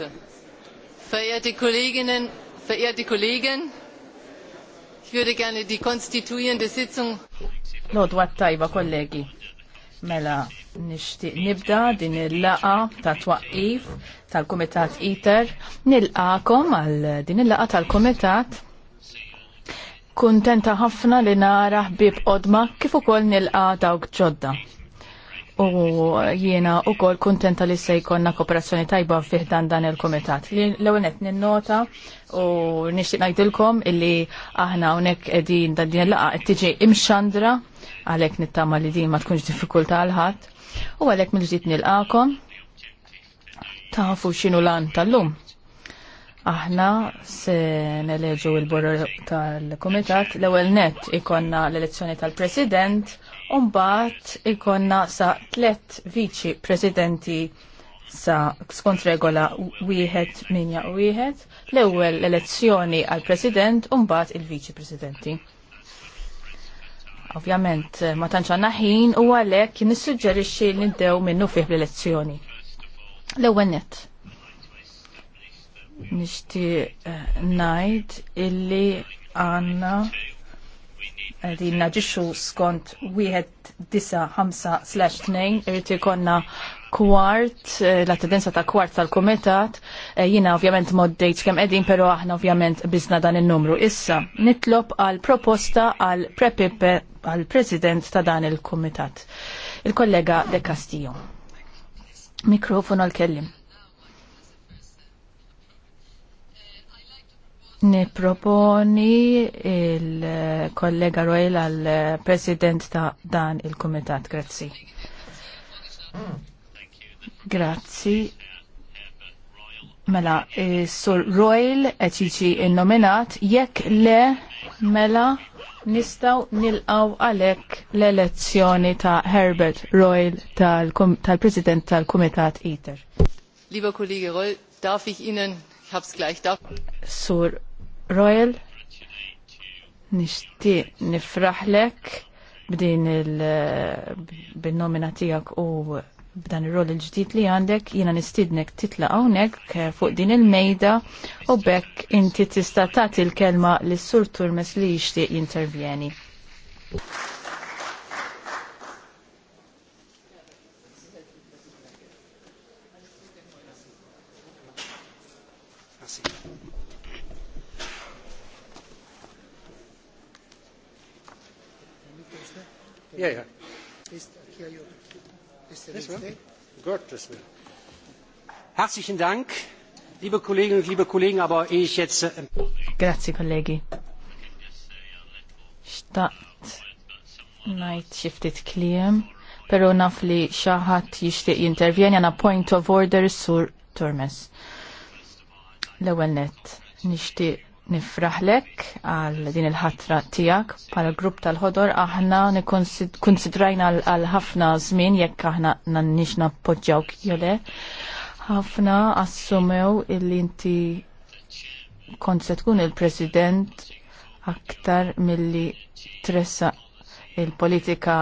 Klasse. Verehrte Kolleginnen, verehrte Kollegen, ich würde gerne die konstituierende Sitzung. Lord Wattaiba, kollegi. Mela, nishtiq nibda din il-laqa ta' twaqif tal-Kumitat ITER. Nilqakom għal din il-laqa tal-Kumitat. Kuntenta ħafna li nara ħbib qodma kif ukoll nilqa dawk ġodda. U jiena u kol kontenta li se jkonna kooperazzjoni tajba fiħdan dan il-komitat. L-ewnet ninnota u nishtiq najdilkom illi aħna unek edin dan din laqa tiġi imxandra għalek nittama li din ma tkunx diffikulta għalħat u għalek mill-ġdid nilqakom tafu xinu lan tal-lum. Aħna se neleġu il borru tal-komitat l-ewel net ikonna l-elezzjoni tal-president Umbat ikonna sa tlet viċi presidenti sa skont regola wieħed minja u wieħed l-ewwel elezzjoni għal president u mbagħad il-viċi presidenti. Ovvjament ma tantx għandna ħin u għalhekk nissuġġerixxi li ndew minnu fih l-elezzjoni. L-ewwel nett. Nixtieq eh, ngħid illi għandna għedin naġiċu skont 5 2 irrit ikonna kwart, eh, la tendenza ta' kwart tal-komitat, eh, jina ovvjament moddejt kem edin, pero aħna ovvjament bizna dan il-numru. Issa, nitlob għal proposta għal prepipe għal president ta' dan il-komitat. Il-kollega De Castillo. Mikrofon għal-kellim. Niproponi il-kollega Royal għal president ta' dan il komitat Grazzi. Grazzi. Mela, eh, sur Royal eċiċi il-nominat, jekk le, mela, nistaw nilqaw għalek l-elezzjoni ta' Herbert Royal tal-president tal president tal komitat ITER. Lieber Kollege Royal, darf ich Ihnen, ich hab's gleich, darf... Sur Royal, nishti nifraħlek b'din il-nomina tiegħek u b'dan ir-rol il-ġdid li għandek jiena nistidnek titla hawnhekk fuq din il-mejda u bekk inti tista' tagħti l-kelma lis-sur Turmes li jixtieq jintervjeni. Yeah, yeah. Herzlichen Dank, liebe Kolleginnen und liebe Kollegen, aber ehe ich jetzt... Äh, Grazie, Kollegi. Staqt najt xiftit kliem, pero naf li xaħat jishtiq jintervjeni għana point of order sur Turmes. L-ewel net, nishtiq nifraħlek għal din il-ħatra tijak pala grupp tal-ħodor aħna nikonsidrajna għal ħafna żmien jekk aħna nannix nappoġġaw kjole ħafna assumew illi inti kont se tkun il-president aktar milli tressa il-politika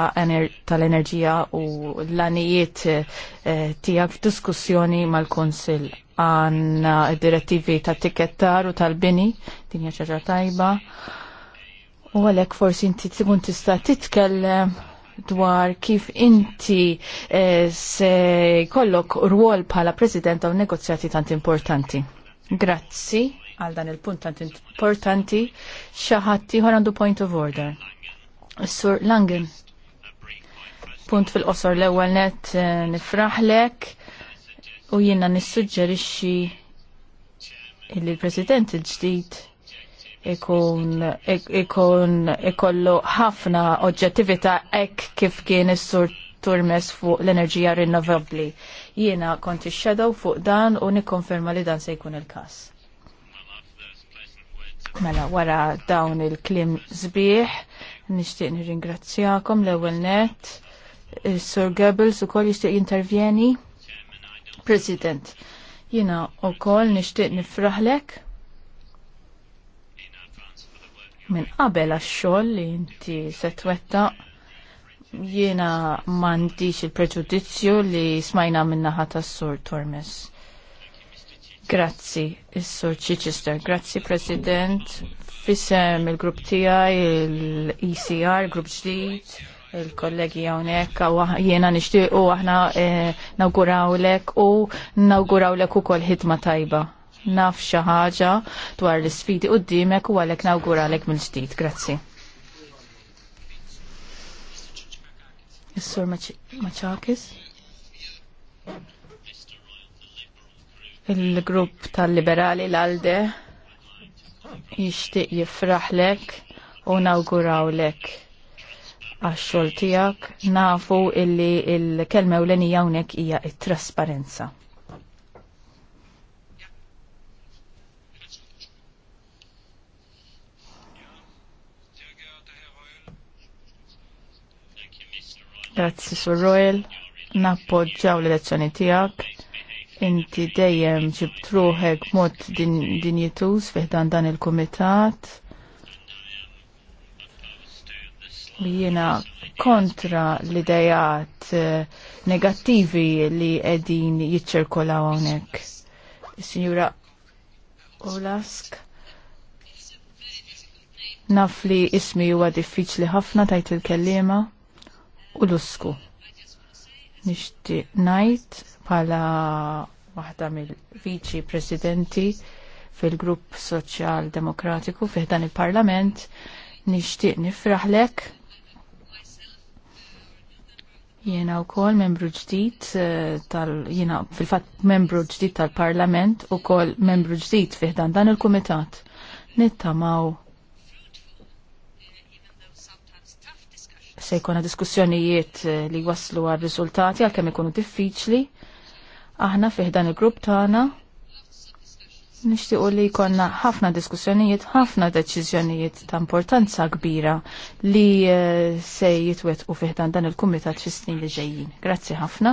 tal-enerġija u l-anijiet eh, tijak f'diskussjoni mal-konsil għanna direttivi ta' tikettar u tal-bini, dinja ċaġa tajba. U għalek forsi inti tkun tista' titkellem dwar kif inti eh, se jkollok rwol bħala president għaw negozjati tant importanti. Grazzi għal dan il-punt tant importanti. Xaħat iħor għandu point of order. Sur Langen. Punt fil-qosor l-ewwel net eh, nifraħlek U jiena nissuġġerixxi li l-President il-ġdid ikun ikun ikollu ħafna oġġettività hekk kif kien is-sur turmes fuq l-enerġija rinnovabbli. Jiena ix shadow fuq dan u nikkonferma li dan se jkun il-każ. Mela wara dawn il-klim sbieħ nixtieq nirringrazzjakom l-ewwel net. Sur Goebbels ukoll jixtieq jintervjeni. President, jina u kol nishtiq nifraħlek minn qabel għax-xogħol li inti se jina jiena m'għandix il-preġudizzju li smajna min-naħa tas-Sur Tormes. Grazzi, is-Sur Chichester. Grazzi, President. Fissem il-grupp tiegħi il-ECR, grupp ġdid il-kollegi għonek, u jena nishtiq u aħna eh, nawguraw lek u nawguraw lek u kol hitma tajba. Naf xaħġa dwar l-sfidi u d-dimek u għalek nawgura lek mil-ġdijt. Grazzi. Is-sur Maċakis? Il-grupp tal-liberali l-alde jishtiq jifraħlek u nawgurawlek. lek għax-xogħol tiegħek nafu illi il-kelma ewlenija hawnhekk hija t-trasparenza. Grazzi Sur Royal, nappoġġaw l-elezzjoni tiegħek. Inti dejjem ġibt ruħek mod dinjitus din fiħdan dan il-kumitat. jiena kontra l-idejat eh, negattivi li edin jitċirkolaw hawnhekk. Signora Olask, naf li ismi huwa diffiċli ħafna tajt il-kellima u l-usku. Nishti najt pala waħda mill-viċi presidenti fil-grupp soċjal demokratiku fiħdan il-parlament nixtieq nifraħlek Jena u kol membru ġdid eh, tal jena fil-fat membru ġdid tal-parlament u kol membru ġdid fiħdan dan il-komitat. Nittamaw se jkun diskussjonijiet eh, li waslu għal riżultati għal kem ikunu diffiċli. Aħna fiħdan il-grupp tagħna Nishtiqu li jkonna ħafna diskussjonijiet, ħafna deċiżjonijiet ta' importanza kbira li eh, se jitwet u fiħdan dan il-Kumitat fis snin li ġejjin. Grazzi ħafna.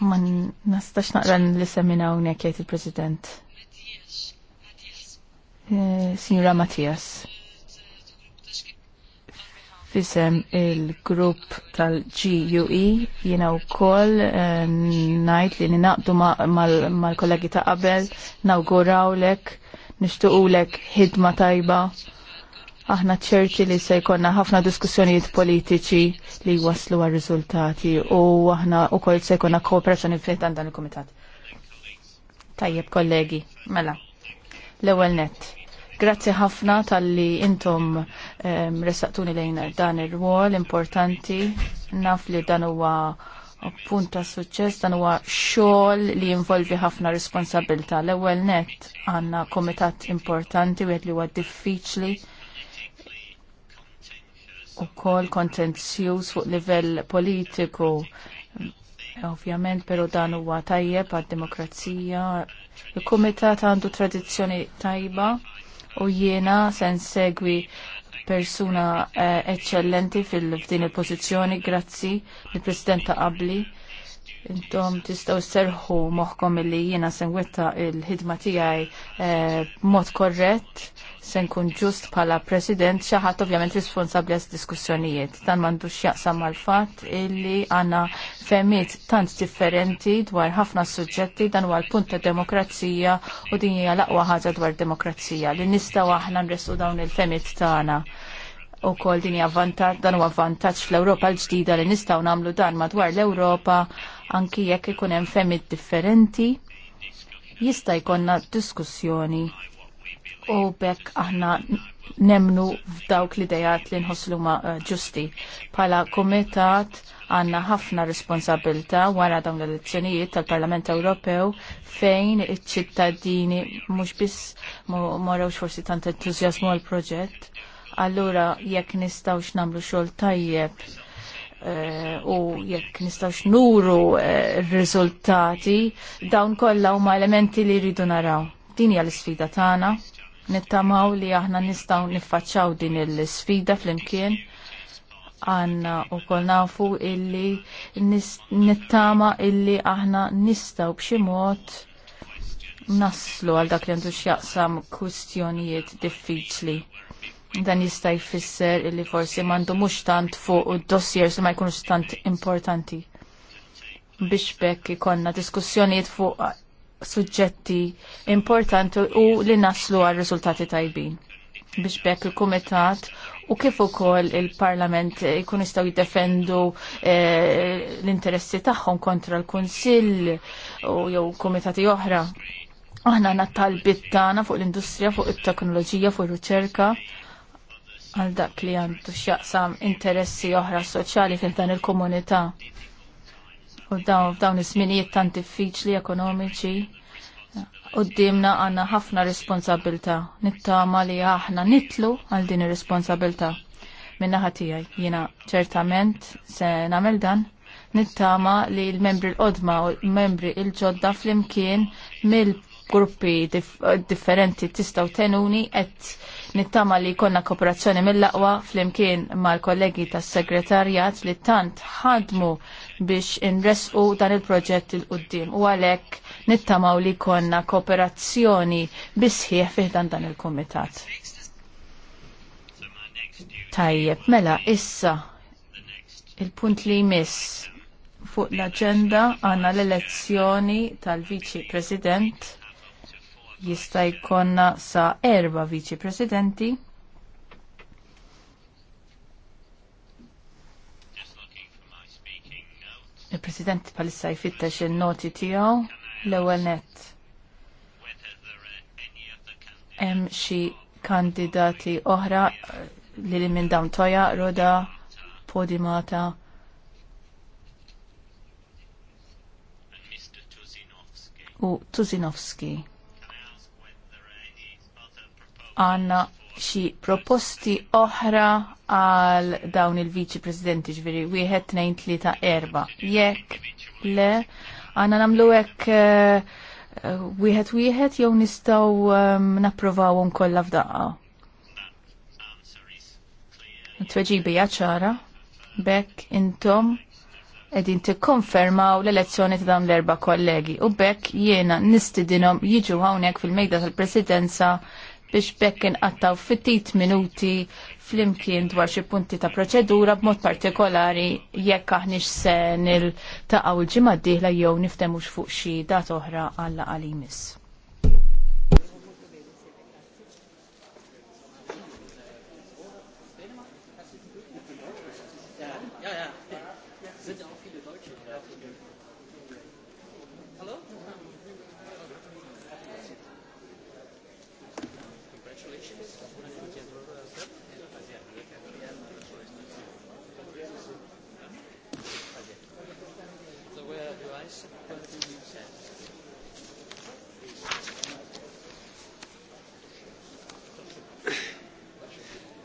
Ma nastax naqran li semina unja jgħid il-President. Eh, Signora Mattias. Fisem il-grupp tal-GUE jiena wkoll eh, ngħid li ninaqdu mal-kollegi ta' qabel, nawgurawlek, nixtuqulek hidma tajba. Aħna ċerti li se jkollna ħafna diskussjonijiet politiċi li waslu għal riżultati u aħna wkoll se jkollna kooperazzjoni fitan dan il-Kumitat. Tajjeb kollegi, mela. L-ewwel nett Grazzi ħafna tal-li intom resaqtuni lejn dan ir-rwol importanti. Naf li dan huwa punta ta' suċċess, dan huwa xogħol li jinvolvi ħafna responsabilità. L-ewwel net għandna komitat importanti wieħed li huwa diffiċli ukoll kontenzjuż fuq livell politiku Ovvjament, pero dan huwa tajjeb għad-demokrazija. Il-Kumitat għandu tradizzjoni tajba u jiena sen segwi persuna eh, eccellenti fil-din il-pozizjoni, grazzi, il-President ta' qabli intom tistaw serħu moħkom illi jiena sengwetta il-ħidma tijaj eh, mod korrett, sen kun ġust pala president, xaħat ovvjament responsabli għas diskussjonijiet. Dan mandu xjaqsam mal fat illi għanna femmit tant differenti dwar ħafna suġġetti dan huwa l-punt ta' demokrazija u din hija laqwa ħaġa dwar demokrazija li nistaw aħna nresu dawn il-femmit tagħna. għana u kol din avvantaċ, dan huwa avvantaċ fl-Ewropa l-ġdida li nistgħu nagħmlu dan madwar l-Ewropa anki jekk ikun hemm femmit differenti jista' jkollna diskussjoni u bekk aħna nemnu f'dawk l-idejat li nħosslu ma' eh, ġusti. Pala komitat għanna ħafna responsabilta wara dawn l-elezzjonijiet tal-Parlament Ewropew fejn iċ-ċittadini mhux biss morawx forsi tant entużjażmu għal proġett allura jekk nistawx namlu xogħol tajjeb eh, u jekk nistawx nuru eh, r-riżultati, dawn kollha huma elementi li rridu naraw. Din hija l-isfida tagħna. Nittamaw li aħna nistgħu niffaċċaw din l-isfida flimkien. Għanna u kol nafu illi nittama illi aħna nistaw bximot naslu għal dak li għandu xjaqsam kustjonijiet diffiċli Dan jista' jfisser li forsi m'għandu mhux tant fuq dossiers li ma jkunux tant importanti. Biex bekk ikonna diskussjonijiet fuq suġġetti importanti u li naslu għal riżultati tajbin. Biex bekk il-kumitat u kif ukoll il-Parlament jkun jistgħu jiddefendu eh, l-interessi tagħhom kontra l-Kunsill u jew kumitati oħra. Aħna għandna talbiet tagħna fuq l-industrija, fuq it-teknoloġija, fuq ir-riċerka għal dak li għandu x'jaqsam interessi oħra soċjali fil dan il-komunità. U dawn f'dawn iż-żminijiet tant diffiċli ekonomiċi. Qoddimna għandna ħafna responsabilità. Nittama li aħna nitlu għal din ir-responsabilità. Minna naħa tiegħi jiena ċertament se nagħmel dan nittama li l-membri l-qodma u l-membri il-ġodda flimkien mill-gruppi differenti tistaw tenuni et Nittama li konna kooperazzjoni mill-aqwa fl-imkien mal-kollegi tas segretarjat li tant ħadmu biex inresqu dan il-proġett il-qoddim u għalek nittamaw li konna kooperazzjoni bisħieħ fiħdan dan il-komitat. Tajjeb, mela, issa il-punt li jmiss fuq l-agenda għanna l-elezzjoni tal-Viċi President jista' jkollna sa erba' viċi presidenti. Il-President palissa jfittex il-noti tiegħu l-ewwel nett. Hemm xi kandidati oħra eh, li minn dawn Toja, Roda, Podimata, u Tuzinowski għanna xi proposti oħra għal dawn il-viċi presidenti ġveri, wieħed tnejn tlieta erba. Jekk le għanna namlu hekk eh, wieħed wieħed jew nistgħu ehm, napprovawhom kollha f'daqqa. Tweġibija ċara, bekk intom edin tikkonfermaw l-elezzjoni ta' dawn l-erba kollegi u bekk jiena nistidinhom jiġu hawnhekk fil-mejda tal-Presidenza biex bekk inqattaw ftit minuti flimkien dwar xi punti ta' proċedura b'mod partikolari jekk aħniex se nil taqgħu l-ġimgħa d-dieħla jew niftemux fuq xi dat oħra għal għalimis.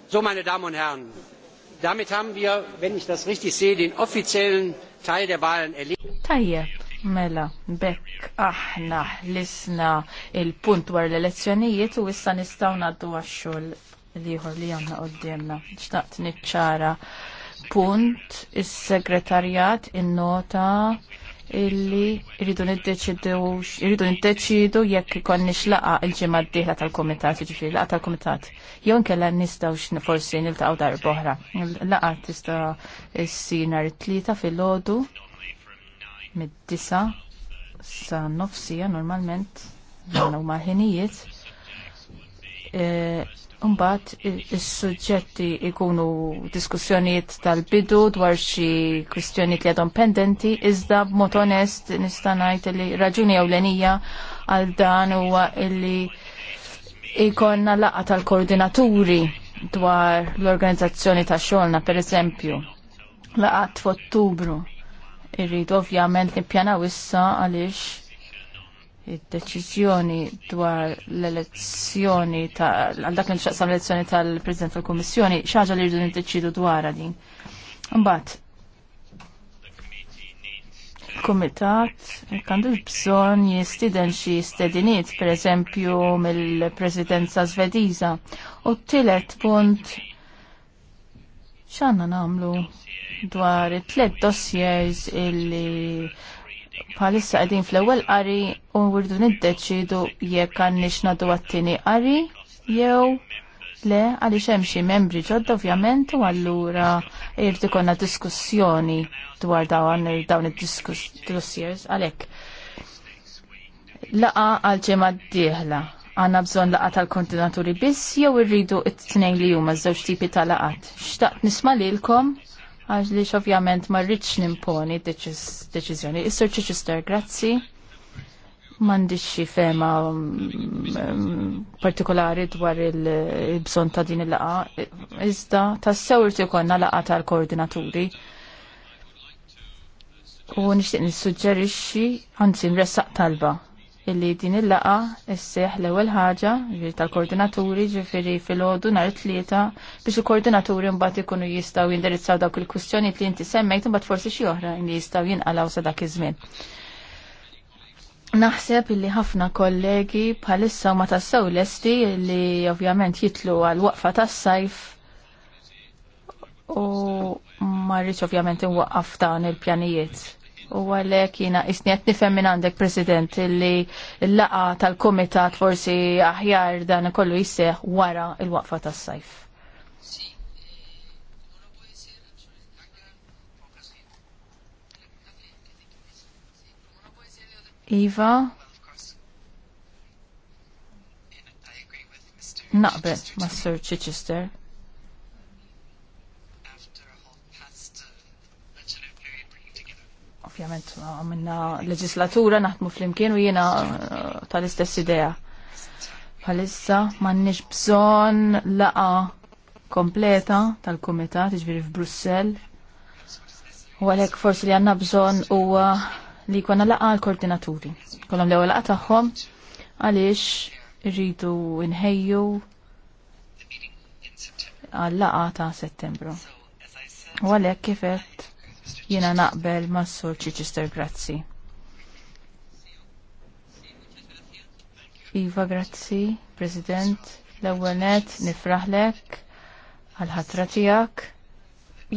So, meine Damen und Herren, damit haben wir, wenn ich das richtig sehe, den offiziellen Teil der Wahlen erledigt. Mela, bekk aħna lisna il-punt war l-elezzjonijiet u issa nistaw naddu għaxxol liħor li għanna għoddimna. Ġtaqt nitċara punt, il segretarjat il-nota illi irridu niddeċidu jekk ikonniex laqa il-ġimgħa d-dieħla tal-kumitat, jiġifieri laqa tal-kumitat. Jew nkella nistgħux forsi niltaqgħu dar boħra. Laqa tista' ssir nhar it-tlieta fil-għodu mid-disa sa nofsija normalment nagħmlu ħinijiet Umbat, eh, is-suġġetti jkunu diskussjonijiet tal-bidu dwar xi kwistjonijiet li għadhom pendenti, iżda b'mod onest nista' ngħid li raġuni ewlenija għal dan huwa li jkollna laqgħa tal-koordinaturi dwar l-organizzazzjoni ta' xogħolna pereżempju. t f'Ottubru irrid ovvjament nippjanaw issa għaliex il deċiżjoni dwar l-elezzjoni ta' għal dak l-xaqsam l-elezzjoni tal-President tal-Kummissjoni xaġa li rridu niddeċidu dwar din. Mbagħad Kumitat kandu bżon jistiden xi stedinit, per eżempju, mill-Presidenza Svediża. U t-tielet punt x'għandna nagħmlu dwar it-tlet dossiers illi bħalissa qegħdin fl-ewwel qari u għurdu niddeċidu jekk għandniex nagħdu għat-tieni qari jew le għaliex hemm xi membri ġodda ovvjament u allura irid konna diskussjoni dwar dawn dawn id-diskussjers għalhekk. Laqa għal ġimgħa d-dieħla għanna bżon laqa tal kontinaturi biss jew irridu it-tnejn li huma zewġ tipi tal-laqat. Xtaqt nisma' lilkom għax li ovvjament ma rridx nimponi deċiżjoni. Is-Sir Chichester, grazzi. M'għandix xi fema mm, mm, partikolari dwar il-bżonn ta' din il-laqa. Iżda tassew irid konna laqa tal-koordinaturi. U nixtieq nissuġġerixxi, anzi nressaq talba illi din il-laqa s-seħ l-ewwel ħaġa tal-koordinaturi ġifieri fil-għodu nhar tlieta biex il-koordinaturi mbagħad ikunu jistgħu jindirizzaw dawk il kustjoni li inti semmejt imbagħad forsi xi oħra li jistgħu jinqalgħu sa dak iż-żmien. Naħseb illi ħafna kollegi bħalissa ma l-esti li ovvjament jitlu għal waqfa tas-sajf u ma rridx ovvjament inwaqqaf dawn il-pjanijiet U għalek jina isniet nifem minn għandek, President, li l-laqa tal-komitat forsi aħjar dan kollu jisseħ wara il-waqfa tas sajf Iva, naqbel ma' Sir Chichester. Ovvjament minna leġislatura naħdmu flimkien u jiena eh, tal-istess idea. Bħalissa m'għandniex bżonn laqa kompleta tal-kumitat iġbiri f'Brussell. U għalhekk forsi li għandna bżonn huwa li jkollna laqa l-koordinaturi. Kollhom l-ewwel laqa tagħhom għaliex irridu nħejju għal laqa ta' settembru. U għalhekk kifet Jiena naqbel massur Sur Chichester, grazzi. Iva, grazzi, President, l-ewwel nifraħlek għal-ħatra tiegħek.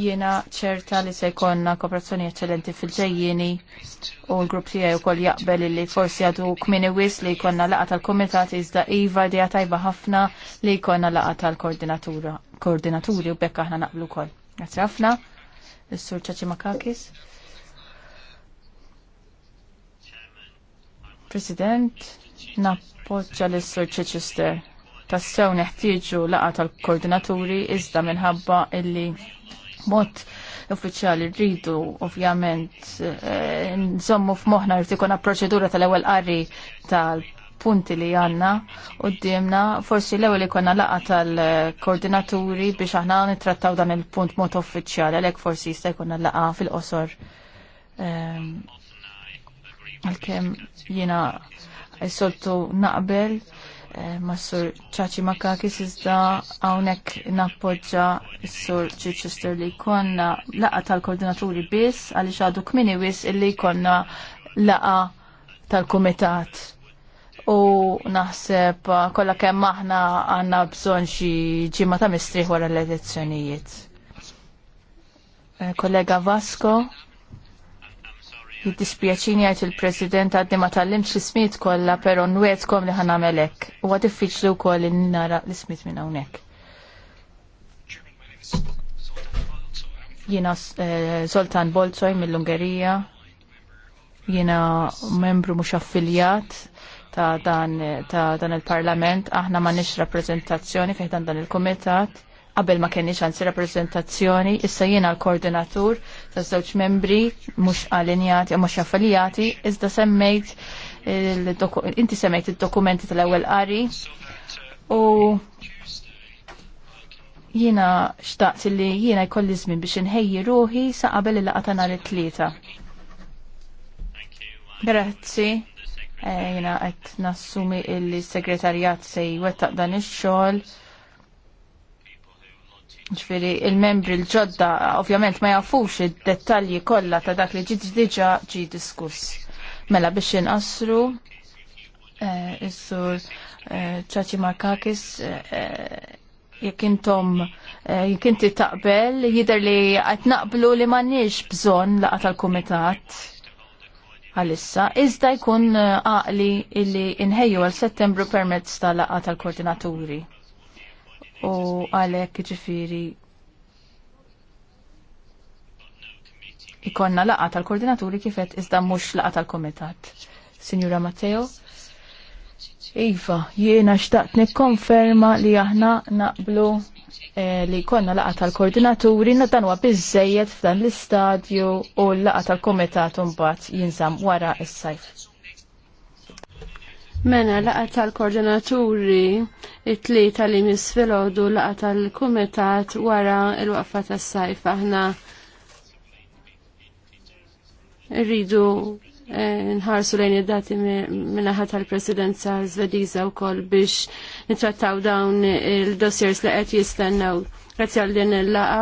Jiena ċerta li se jkollna kooperazzjoni eċċellenti fil ġejjini u l-grupp tiegħi wkoll jaqbel li forsi għadu kmini wis li jkollna laqgħa tal komitat iżda iva di tajba ħafna li jkollna laqgħa tal-koordinaturi u bekk aħna naqblu wkoll. Grazzi ħafna. Is-Sur Makakis? President, nappoġġa l-Sur Chichester. Tassew neħtieġu laqa tal-koordinaturi iżda minħabba illi mod uffiċjali rridu ovvjament eh, nżommu f'moħħna rrid ikun proċedura tal-ewwel qari tal punti li għanna u d-diemna forsi l ewwel konna laqa tal-koordinaturi biex aħna nittrattaw dan il-punt mod uffiċjali għalhekk forsi jista' jkollna laqa fil-qosor. Ehm, għalkemm jiena soltu naqbel eh, mas-sur ċaċi Makakis iżda hawnhekk nappoġġa s-sur Chichester li konna laqa tal-koordinaturi biss għaliex għadu kmini wis illi konna laqa tal-kumitat u naħseb kollha kemm aħna għandna bżonn xi ġimma ta' mistriħ wara l-elezzjonijiet. Eh, kollega Vasco, jiddispjaċini għajt il-President għaddi ma tal-limx l-ismiet kolla, pero nwetkom li ħan melek. U għad iffiċlu kol li nara l ismit minn hawnhekk. Jina eh, Zoltan Bolzoj mill-Ungerija, jina membru mux affiljat ta' dan, ta dan il-parlament, aħna ma nix rappresentazzjoni fiħdan dan il-komitat, qabel ma kenniex għansi rappresentazzjoni, issa jiena l-koordinatur ta' żewġ membri, mux allinjati, mux affiljati, iżda semmejt, inti semmejt il-dokumenti tal-ewel qari, u jiena xtaqt li jiena jkolli żmien biex inħejji ruħi sa' qabel il-laqata nhar it-tlieta. Grazzi. Ejna eh, għet nassumi il-segretarjat se jwettaq dan il-xol. Ġviri, il-membri l-ġodda, ovvjament ma jafux il-dettalji kollha ta' dak li ġid diġa ġi diskuss. Mela biex inqasru, eh, il sur ċaċi eh, Markakis, jekk intom inti taqbel jidher li qed naqblu li m'għandniex bżonn laqgħa tal-kumitat għalissa, iżda jkun uh, għaqli illi inħejju għal settembru permezz tal laqqa tal-koordinaturi. U għalek ġifiri ikonna laqa tal-koordinaturi kifet iżda mux laqa tal-komitat. Signora Matteo? Iva, jiena xtaqt nikkonferma li aħna naqblu Eh, li konna laqa tal-koordinaturi dan huwa biżejjed f'dan l-istadju u laqa tal-komitat mbagħad jinżam wara s-sajf. Mena laqa tal-koordinaturi it-tlieta li misfilodu laqa tal-kumitat wara l-waqfa tas-sajf aħna rridu Eh, nħarsu lejn id-dati ħat tal-presidenza zvediza u koll biex nitrattaw dawn il-dossiers li qed jistennew. Grazzi għal din il-laqa.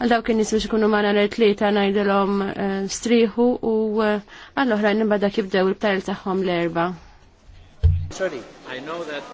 Għal daw kien nisbiex ikunu maħna l it najdilom ngħidilhom eh, striħu u eh, għall-oħrajn nimbada kibdew il-ptajl tagħhom l-erba. Sorry, I know that